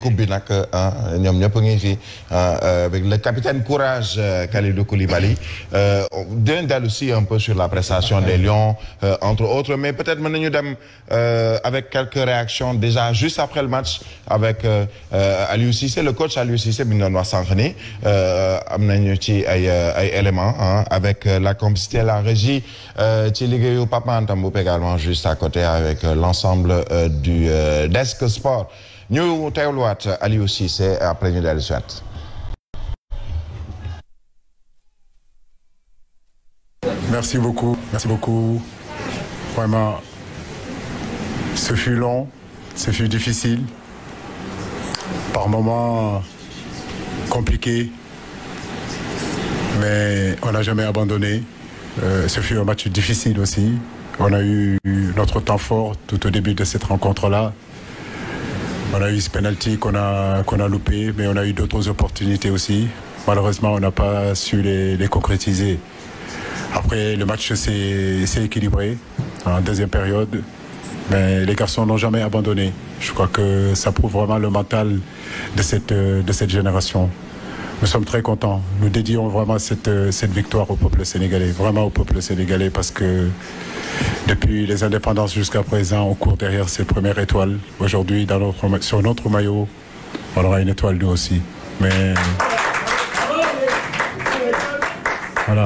coupe bi nag euh, ñoom ñëpp ngi fi euh, avec le capitaine courage euh, Kalidou Koulibaly dinañ daal aussi un peu sur la prestation des Lions entre autres mais peut-être mën nañu dem avec quelques réactions déjà juste après le match avec Aliou Cissé le coach Aliou Cissé bi ñu doon wax sànq ni am nañu ci ay ay éléments avec la complicité la régie ci liggéeyu Papa Ntamboub également juste à côté avec l'ensemble du desk sport ñu teewluwaat Aliou Cissé après ñu daal di suwaat merci beaucoup merci beaucoup vraiment ce fut long ce fut difficile par moments compliqué mais on n'a jamais abandonné euh, ce fut un match difficile aussi on a eu notre temps fort tout au début de cette rencontre-là On a eu ce penalty qu'on a, qu'on a loupé, mais on a eu d'autres opportunités aussi. Malheureusement, on n'a pas su les, les, concrétiser. Après, le match s'est équilibré en deuxième période, mais les garçons n'ont jamais abandonné. Je crois que ça prouve vraiment le mental de cette, de cette génération. Nous sommes très contents. Nous dédions vraiment cette, cette victoire au peuple sénégalais, vraiment au peuple sénégalais, parce que depuis les indépendances jusqu'à présent, on court derrière ces premières étoiles. Aujourd'hui, dans notre, sur notre maillot, on aura une étoile nous aussi. Mais voilà.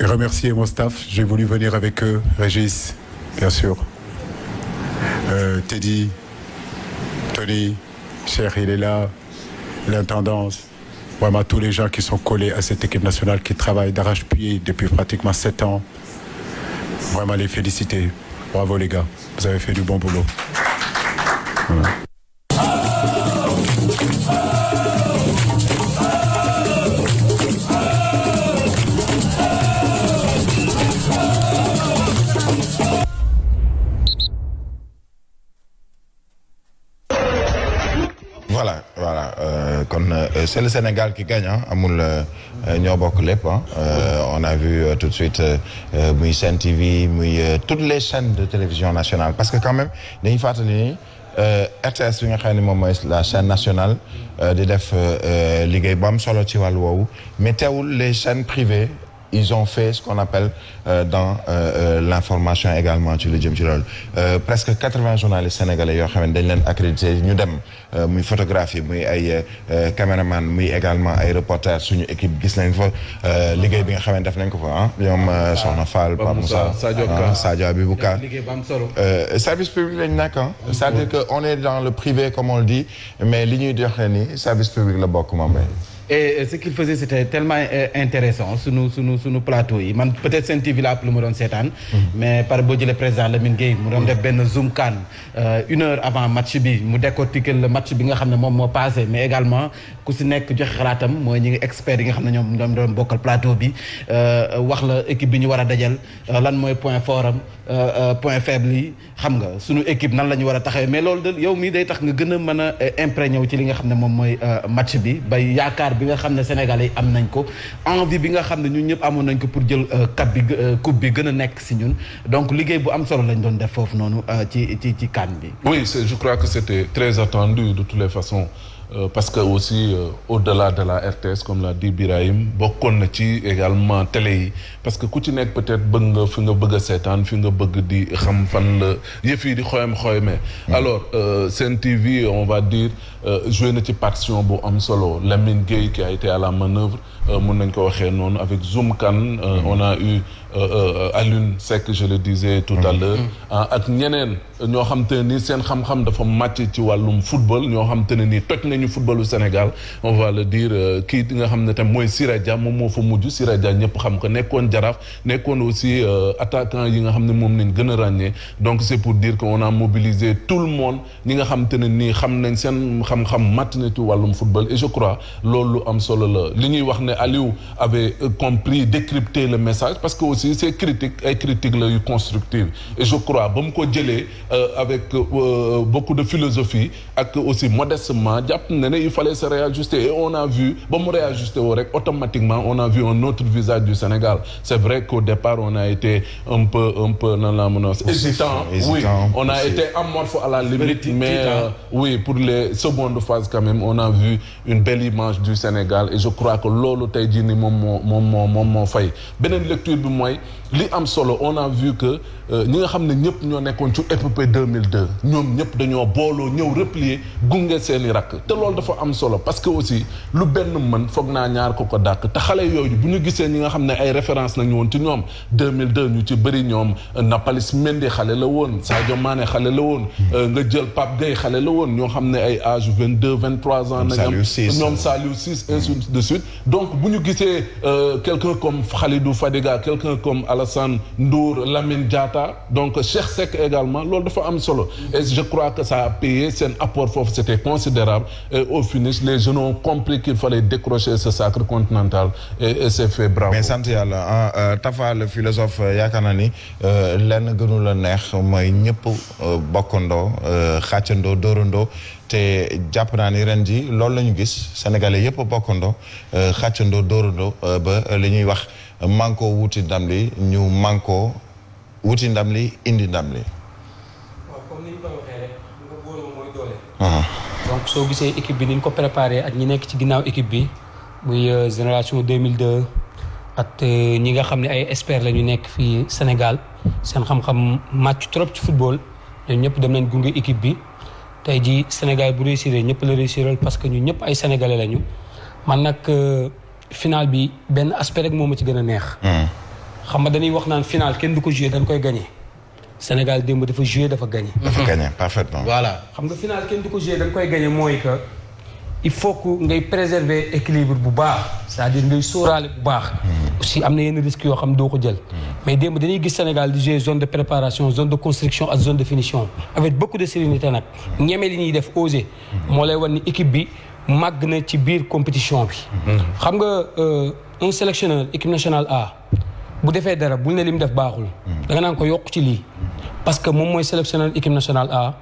Et remercier mon staff. J'ai voulu venir avec eux. Régis, bien sûr. Euh, Teddy, Tony, cher, il est là. L'intendance. Vraiment tous les gens qui sont collés à cette équipe nationale qui travaille d'arrache-pied depuis pratiquement sept ans. vraiment les féliciter. Bravo les gars, vous avez fait du bon boulot. Voilà. voilà voilà euh, kon euh, c'est le Sénégal qui gagne amul euh, Euh, ñoo bokk lépp euh, on a vu euh, tout de suite euh, muy Sen TV muy toutes les chaînes de télévision nationale parce que quand même dañuy fàttali ni RTS bi nga xam ne moom mooy la chaîne nationale di def liggéey bu am solo ci wàllu woowu mais teewul les chaînes privées ils ont fait ce qu'on appelle euh, dans euh, euh, l'information également ci lu jëm ci loolu euh, presque quatre-vingts journalistes sénégalais yoo xam ne dañ leen accrédité ñu dem muy photographie muy ay caméraman muy également ay reporters suñu équipe gis nañ fa liggéey bi nga xam ne def nañ ko fa ah ñoom Soxna Fall Pape Moussa Sadio Abibou ah, Ka service public lañ nekk ah c'est-à-dire que on est dans le privé comme on le dit mais li ñuy joxe ni service public la bokk moom et ce qu'il faisait c'était tellement euh, intéressant sunu sunu plateau yi man peut-être Sen TV la lu ma doon seetaan mhm. mais par boo jëlee président Lamine Gueye mu doon def benn zoom kan euh, une heure avant match bi mu décortiquer le match bi nga xam ne moom moo passé mais également ku si nekk joxe xalaatam mooy ñi ngi experts yi nga xam ne ñoom ñoom doon bokkal plateau euh, wax la équipe bi ñu war a dajal lan mooy point fort am point faible yi xam nga sunu équipe nan la ñu war a taxawee mais loolu de yow mii day tax nga gën a mën a imprégné wu ci li nga xam ne moom mooy match bi bay bi nga xam ne sénégalais yi am nañ ko envie bi nga xam ne ñun ñëpp amoon nañ ko pour jël euh, cap bi euh, coupe bi gën a nekk si ñun donc liggéey bu am solo lañ doon def foofu noonu euh, ci ci ci CAN bi oui je crois que c'était très attendu de toutes les façons Euh, parce que aussi euh, au de la de la RTS comme l'a di Birahim bokkoon na ci également télé yi parce que ku ci nekk peut-être bëgg nga fi nga bëgg seetaan fi nga bëgg di xam fan la yëf yi di xoyam xoyamee. Hmm. alors euh, Sen TV on va dire joué na ci partition bu am solo Lamine Gueye qui a été à la manœuvre Euh, mun nañ ko waxee noonu avec Zoom Kan euh, on a eu euh, Alune Seck je le disais tout mm-hmm. ah, ak ñeneen ñoo xam te ni seen xam-xam dafa màcc ci wàllum football ñoo xam te ne nii toj nañu footballu Sénégal on va le dire kii nga xam ne tam mooy Siré Dia moom moo fa mujj Siré Dia ñëpp xam ko nekkoon jaraaf nekkoon aussi attaquant yi nga xam ne moom nañ gën a ràññee donc c'est pour dire que on a mobilisé tout le monde ñi nga xam te ne nii xam nañ seen xam-xam màcc na ci wàllum football et je crois loolu am Aliou avait euh, compris décrypter le message parce que aussi c'est critique ay critique la yu constructive et je crois ba ko jëlee euh, avec euh, beaucoup de philosophie ak aussi modestement jàpp il fallait se réajuster et on a vu ba mu réajuster automatiquement on a vu un autre visage du Sénégal c'est vrai qu'au départ on a été un peu un peu nan la mën a hésitant on a été amorphe à la limite mais oui pour les secondes phases quand même on a vu une belle image du Sénégal et je crois que loolu tey jii nii moom moo moom moo moom moo fay beneen lecture bi mooy li am solo on a vu que euh, ñi nga xam ne ñëpp ñoo nekkoon ci épopée 2002 ñoom ñëpp dañoo booloo ñëw replier gunge seen i rakk te loolu dafa am solo parce que aussi lu benn mën foog naa ñaar ko ko dàq te xale yooyu bu ñu gisee ñi nga xam ne ay référence nañu woon ci ñoom 2002 ñu ci bëri ñoom euh, Nampalys Mendy xale la woon Sadio Mané xale la woon hmm. euh, nga jël Pape Gueye la woon ñoo xam ne ay âge 22 23 ans nañ am ñoom Saliou Ciss ainsi de suite donc bu ñu gisee euh, quelqu'un comme Khalidou Fadiga quelqu'un comme Alassane Ndour Lamine Diatta donc Cheikh Seck également loolu dafa am solo et je crois que ça a payé apport foofu c'était considérable et au finish les jeunes ont compris qu'il fallait décrocher ce sacre continental et, c'est fait bravo mais sant yàlla ah euh, Tafa le philosophe euh, yaakaar naa ni lenn gënu a neex mooy ñëpp bokkandoo xàccandoo dóorandoo te jàpp naa ni ren ji loolu la ñu gis sénégalais yëpp bokkandoo xàccandoo dóorandoo euh, ba li ñuy wax mànkoo wuti ndam li ñu mànkoo wuti ndam li indi ndam li. Ah. donc soo gisee équipe bi ni ñu ko préparé ak ñi nekk ci ginnaaw équipe bi muy euh, génération 2002 ak euh, ñi nga xam ne ay experts la ñu nekk fii Sénégal seen xam-xam màcc trop ci football ñoom ñëpp dem nañ gunge equipe bi. tey jii Sénégal bu réussir ñëpp la réussiral parce que ñu ñëpp ay sénégalais lañu man nag final bi benn aspect rek moom ma ci gën a neex. Hmm. xam nga dañuy wax naan final kenn du ko joué dañ koy gagné. Sénégal démb dafa joué dafa gagné. dafa hmm. gagné parfaitement. voilà xam nga final kenn du ko joué dañ koy gagné mooy que. il faut que ngay préserver équilibre bu baax c'est-à-dire ngay sóoraale bu baax. Hmm. aussi am na yenn risques yoo xam doo ko jël. mais démb dañuy gis Sénégal di jouer zone de préparation zone de construction ak zone de finition avec beaucoup de sérénité nag ñeme li ñuy def oser. moo lay wan ni équipe bi. màgg na ci biir compétition bi. xam nga euh, un sélectionneur équipe nationale A bu defee dara bul ne lim def baaxul. da nga naan ko yokk ci lii. parce que moom mooy sélectionneur équipe nationale A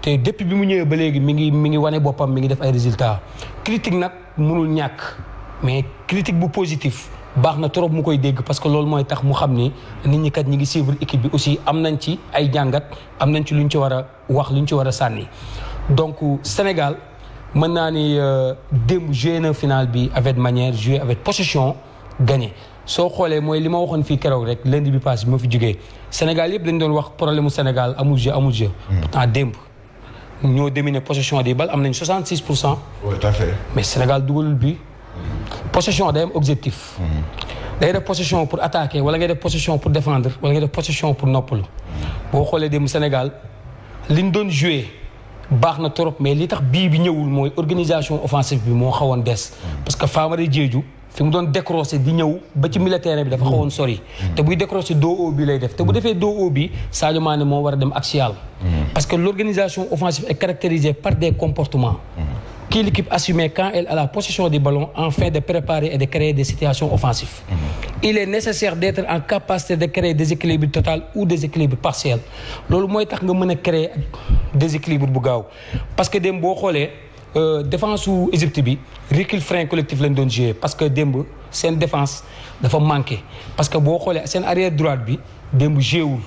te depuis bi mu ñëwee ba léegi mi ngi mi ngi wane boppam mi ngi def ay résultat critique nag mënul ñàkk mais critique bu positif. baax na trop mu koy dégg parce que loolu mooy tax mu xam ni nit ñi kat ñi ngi suivre équipe bi aussi am nañ ci ay jàngat am nañ ci luñ ci war a wax luñ ci war a sànni donc Sénégal mën naa ni euh, démb joué na final bi avec manière joué avec possession gagné soo xoolee mooy li ma waxoon fii keroog rek lundi bi passé bi ma fi jugee Sénégal yëpp dañ doon wax problème mu Sénégal amul jeu amul jeu. Hmm. pourtant démb ñoo dominer possession des balles am nañ 66 pour cent. tout mais Sénégal dugalul bi possession day am objectif. Hmm. day def possession pour attaquer wala ngay def possession pour défendre wala ngay def possession pour noppalu hmm. boo xoolee démb Sénégal liñ doon joué. baax na trop mais li tax bii bi ñëwul mooy organisation offensive bi moo xawoon des parce que Famara jeeju fi mu doon décroché di ñëw ba ci militaire bi dafa mm. xawoon sori te buy décroché doo o bi lay def te bu defee doo o bi Sadio Mané moo war a dem axial mm. parce que l'organisation offensive est caractérisée par des comportements mm. qui l'équipe assume quand elle a la possession du ballon afin de préparer et de créer des situations offensives il est nécessaire d'être en capacité de créer déséquilibre total ou déséquilibre partiel loolu mooy tax nga mën a créer déséquilibre bu gaaw parce que démb boo xoolee euh, défence su Égypte bi recul frein collectif lañ doon joué parce que démb seen défense dafa manqué parce que boo xoolee seen arrière droite bi démb jéewul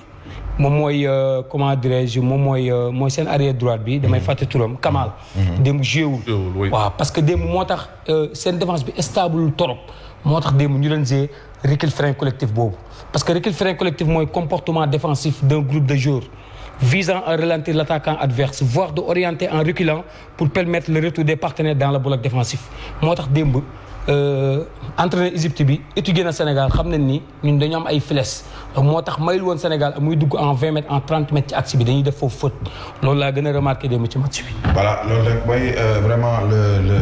moom mooy euh, comment dirais-je moom mooy euh, mooy seen arrière droite bi damay fàtte turam Kamal. Mhm. démb jéewul waaw parce que démb moo tax seen défense bi estable trop moo tax démb ñu leen see recul frein collectif boobu parce que recul frein collectif mooy comportement défensif d'un groupe de joueurs visant à ralentir l'attaquant adverse voire de orienter en reculant pour permettre le retour des partenaires dans le bloc défensif moo tax démb euh, entraîneur Égypte bi étudié na Sénégal xam nañ ni ñun dañu ay flèches moo tax mayul woon Sénégal muy dugg en 20 mètres en 30 mètres ci axe bi dañuy def loolu a remarqué démb ci match loolu rek mooy euh, vraiment le le.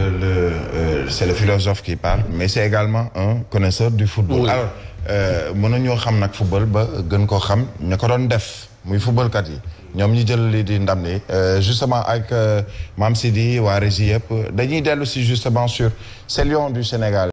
c'est le philosophe qui parle mais c'est également un connaisseur du football oui. alors euh, mën nañoo xam nag football ba gën koo xam ña ko doon def muy footballkat yi ñoom ñi jël li di ndam ni euh, justement ak euh, Mame Sidi waa Régie yëpp dañuy dellu si justement sur ces lions du Sénégal